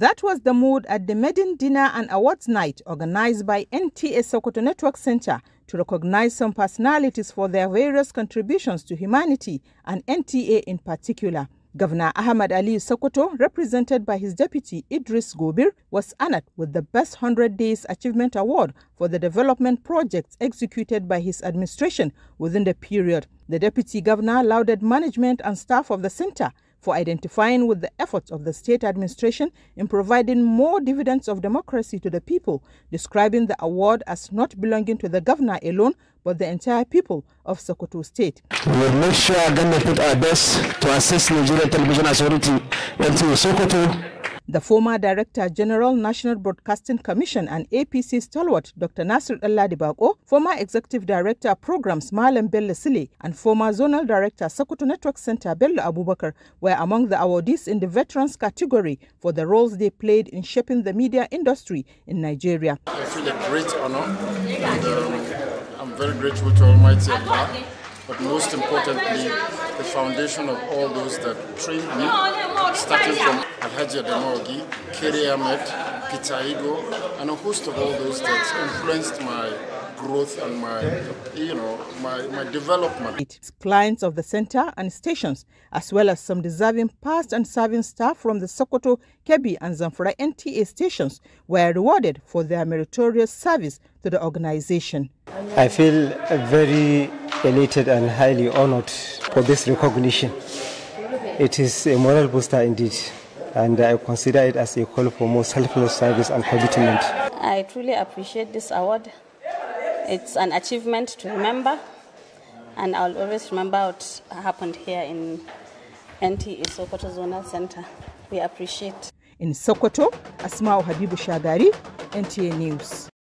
That was the mood at the Maiden Dinner and Awards Night organized by NTA Sokoto Network Center to recognize some personalities for their various contributions to humanity and NTA in particular. Governor Ahmad Ali Sokoto, represented by his deputy Idris Gobir, was honored with the Best 100 Days Achievement Award for the development projects executed by his administration within the period. The deputy governor lauded management and staff of the center for identifying with the efforts of the state administration in providing more dividends of democracy to the people, describing the award as not belonging to the governor alone, but the entire people of Sokoto State. We will make sure we put our best to assist Nigerian television authority into Sokoto The former Director General National Broadcasting Commission and APC stalwart Dr. Nasir Bako, former Executive Director Programs Malam Bello Sile, and former Zonal Director Sokoto Network Center Bello Abubakar were among the awardees in the Veterans category for the roles they played in shaping the media industry in Nigeria. I feel a great honor. And, um, I'm very grateful to Almighty Allah but most importantly, the foundation of all those that trained me, starting from Alhaji Adamogi, Kere Ahmed, Peter Igo, and a host of all those that influenced my growth and my, you know, my, my development. Clients of the center and stations, as well as some deserving past and serving staff from the Sokoto, Kebi and Zamfara NTA stations were rewarded for their meritorious service to the organization. I feel very elated and highly honored for this recognition. It is a moral booster indeed, and I consider it as a call for more selfless service and commitment. I truly appreciate this award. It's an achievement to remember, and I'll always remember what happened here in NTE Sokoto Zonal Center. We appreciate. In Sokoto, Asmao Habibu Shagari, NTA News.